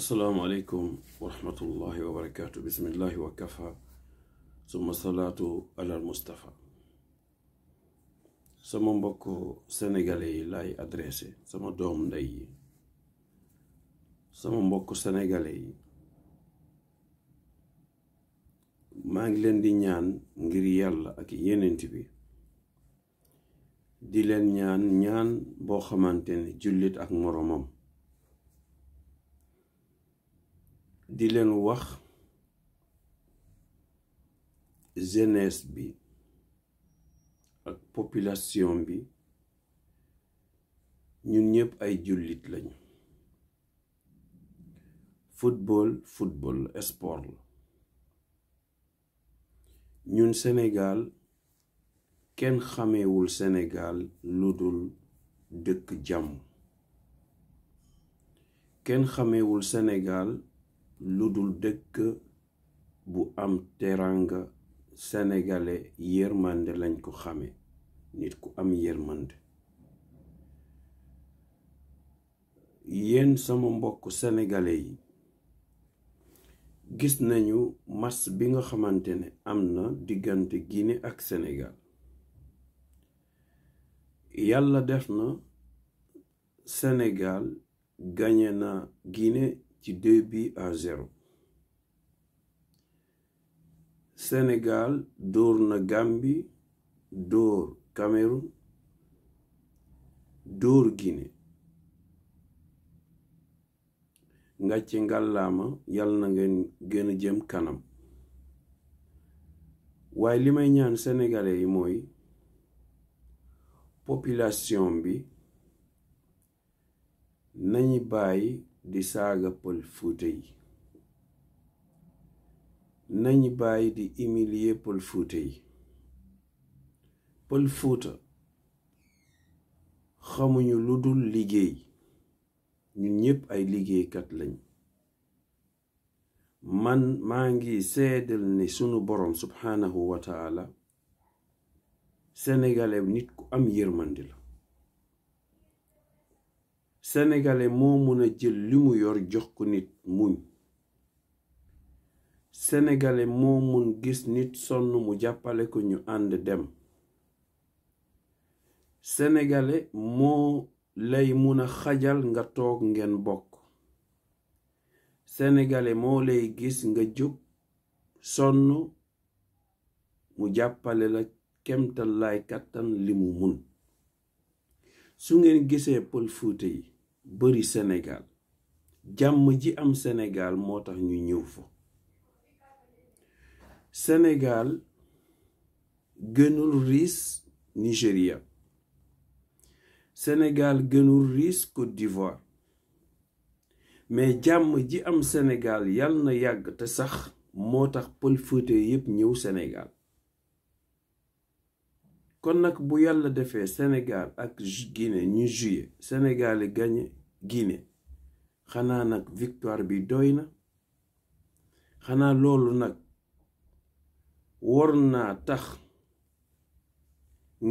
asalaamualeykum warahmatullahi wa barakatu bismillahi wa kafa suma salaatu alal mustafa sama mbokk sénégalais yi laay adressé sama doom ndey yi sama mbokk sénégalais yi maa ngi leen di ñaan ngir yàlla ak yenent bi di leen ñaan ñaan boo xamante ne jullit ak moroomam di leen wax jeunesse bi ak population bi ñun ñëpp ay jullit lañu football football sport la ñun Sénégal kenn xamewul Sénégal lu dul dëkk jàmm kenn xamewul Sénégal lu dul dëkk bu am teranga senegale yërmande lañ ko xame nit ku am yërmande yéen sama mbokk sénégalais yi gis nañu mars bi nga xamante ne am na diggante Guinée ak Sénégal yàlla def na Sénégal gañe na Guinée ci deux buts à zéro Sénégal dóor na Gambie dóor Cameroun dóor Guinée ngàcce ngàllaama yàlla na ngeen gën jëm kanam waaye li may ñaan sénégalais yi mooy population bi nañu bàyyi di saaga pël fuuta yi nañ bàyyi di humilier pël fuuta xamuñu lu dul liggéey ñu ñépp ay liggéeykat lañ man maa ngi seedal ni sunu boroom subhaanahu wa taala nit ku am yërmandi la sénégalais moo mën a jël li yor jox ko nit muñ sénégalais moo mun gis nit sonn mu jàppale ko ñu ànd dem sénégalais moo lay mun a xajal nga toog ngeen bokk senegale moo lay gis nga jóg sonn mu jàppale la kemtal laay kàttan limu mu mun su ngeen gisee pël fuute yi bari Sénégal jàmm ji am Sénégal moo tax ñu ñëw fa Sénégal gënul riis Nigéria Sénégal gënul riis Côte d'Ivoire mais jàmm ji am Sénégal yal na yàgg te sax moo tax pël féete yépp ñëw Sénégal kon nag bu yàlla defee Sénégal ak Guinée ñu joué Sénégal yi gagné Guinée xanaa nag victoire bi doy na xanaa loolu nag war naa tax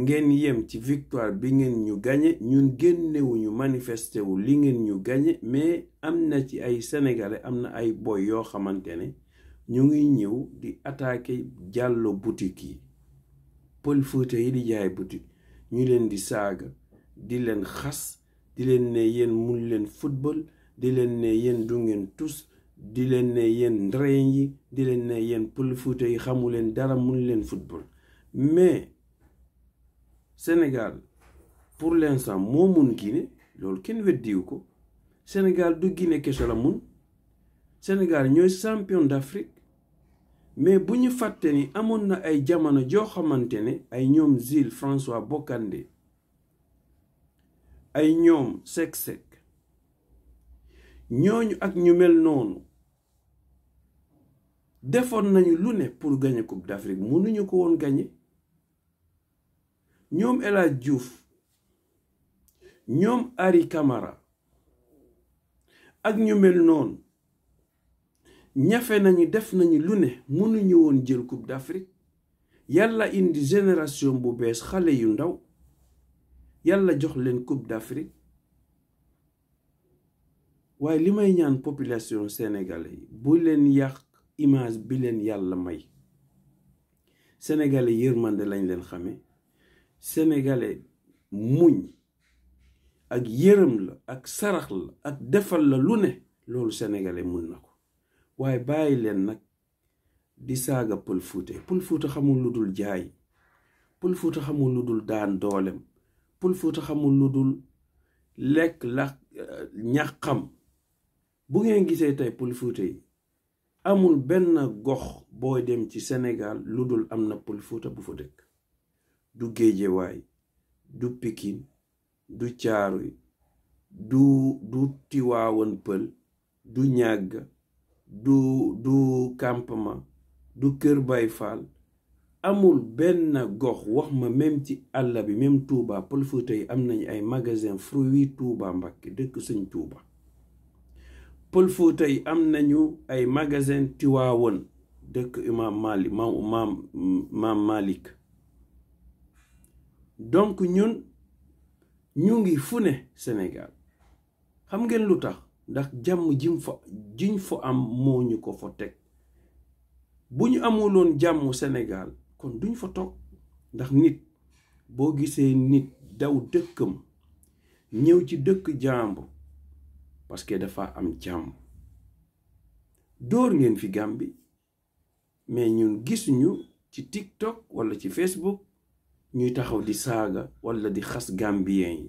ngeen yem ci victoire bi ngeen ñu gagné ñun génnewuñu manifesté wu li ngeen ñu gagné mais am na ci ay sénégalais am na ay boy yoo xamante ne ñu ngi ñëw di attaqué jàllo boutique yi. pël Fuuta yi di jaay boutique ñu leen di saaga di leen xas di leen ne yéen mun leen football di leen ne yéen du ngeen tus di leen ne yéen ndreyen yi di leen ne yéen pël Fuuta yi xamu leen dara mun leen football mais senegal pour l'instant moo mun Guinée loolu kenn weddiwu ko senegal du Guinée kese la mun Sénégal ñooy champion d'Afrique mais bu ñu fàtte ni amoon na ay jamono joo xamante ne ay ñoom Jules François Bocandé ay ñoom Seck Seck ñooñu ak ñu mel noonu defoon nañu lu ne pour gagner Coupe d'Afrique mënuñu ko woon gagner ñoom El Hadj ñoom Ari Camara ak ñu mel noonu ñafe nañu def nañu lu ne mënuñu woon jël coupe d'Afrique yàlla indi génération bu bees xale yu ndaw yàlla jox leen coupe d'Afrique waaye li may ñaan population sénégalais bu leen yàq image bi leen yàlla may sénégalais yërmande lañ leen xame sénégalais muñ ak yërëm la ak sarax la ak defal la lu ne loolu sénégalais mun na ko waaye bàyyi leen nag di saaga pël fuute pël fuute xamul lu dul jaay pël fuute xamul lu dul daan doolem pël fuute xamul lu dul lekk la euh, ñaxam bu ngeen gisee tey pël fuute yi amul benn gox booy dem ci senegal lu dul am na pël fuute bu fa dëkk du géejewaay du pikin du caaruy du du tiwaawan pël du ñàgg du du campement du kër Baay Faal amul benn gox wax ma même ci àll bi même Touba Pël Fuuta yi am nañ ay magasin fruits Touba Mbàkke dëkk sëñ Touba Pël Fuuta yi am nañu ay magasin Tiwaawoon dëkk imaam Mali maam maam maam Malik donc ñun ñu ngi fu ne Sénégal xam ngeen lu tax ndax jàmm jim fa jiñ fa am moo ñu ko fa teg bu ñu amuloon jàmm senegaal kon duñ fa toog ndax nit boo gisee nit daw dëkkam ñëw ci dëkk jàmbu parce que dafa am jàmm dóor ngeen fi Gàmbi mais ñu gisuñu ci TikTok walla ci Facebook ñuy taxaw di saaga walla di xas Gambien yi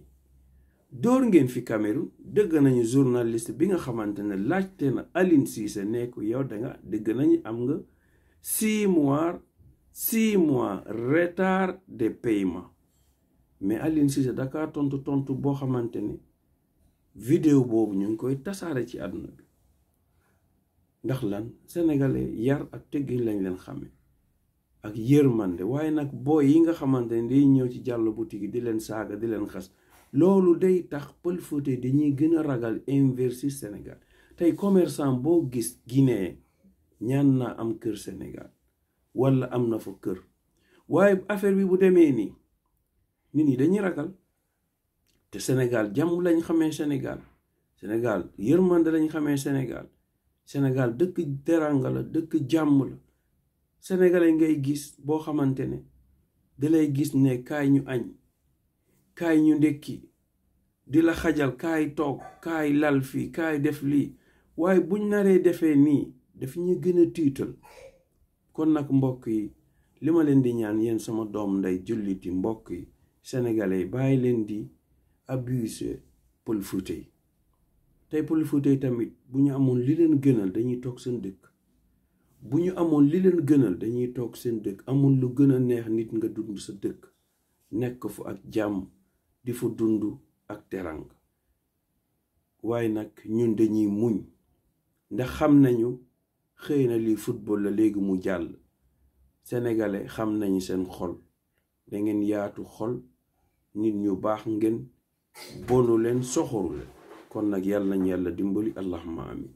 dóor ngeen fi Cameroun dëgg nañu journaliste bi nga xamante ne laajte na aline Cissé nekk yow danga dëgg nañu am nga six mois six mois retard de paiement mais Aliou Cissé dakaa tontu tontu boo xamante ne vidéo boobu ñu ngi koy tasaare ci àdduna bi ndax lan sénégalais yar ak teggin lañ leen xame ak yërmande waaye nag booy yi nga xamante ne day ñëw ci jàll boutique yi di leen saaga di leen xas loolu day tax pël Fuuta dañuy gën a ragal investir Sénégal tey commerçant boo gis Guinée ñaan naa am kër Sénégal wala am na fa kër waaye affaire bi bu demee nii nit ñi dañuy ragal te Sénégal jàmm lañ xamee Sénégal Sénégal yërmande lañ xamee Sénégal Sénégal dëkk teranga la dëkk jàmm la sénégalais ngay gis boo xamante ne dalay gis ne kaay ñu añ kaay ñu ndékki di la xajal kaay toog kaay lal fii kaay def lii waaye buñ naree defee nii daf ñu gën a tiital kon nag mbokk yi li ma leen di ñaan yéen sama doom nday julliti mbokk yi sénégalais bàyyi leen di abuser pël Fuuta yi tey pël Fuuta tamit bu ñu amoon li leen gënal dañuy toog seen dëkk bu ñu amoon li leen gënal dañuy toog seen dëkk amul lu gën a neex nit nga dund sa dëkk nekk fu ak jàmm di fa dund ak teranga waaye nag ñun dañuy muñ ndax xam nañu xëy na lii football la léegi mu jàll sénégalais xam nañu seen xol dangeen yaatu xol nit ñu baax ngeen bonu leen soxoru leen kon nag yàlla nañ yàlla dimbali allahumma amin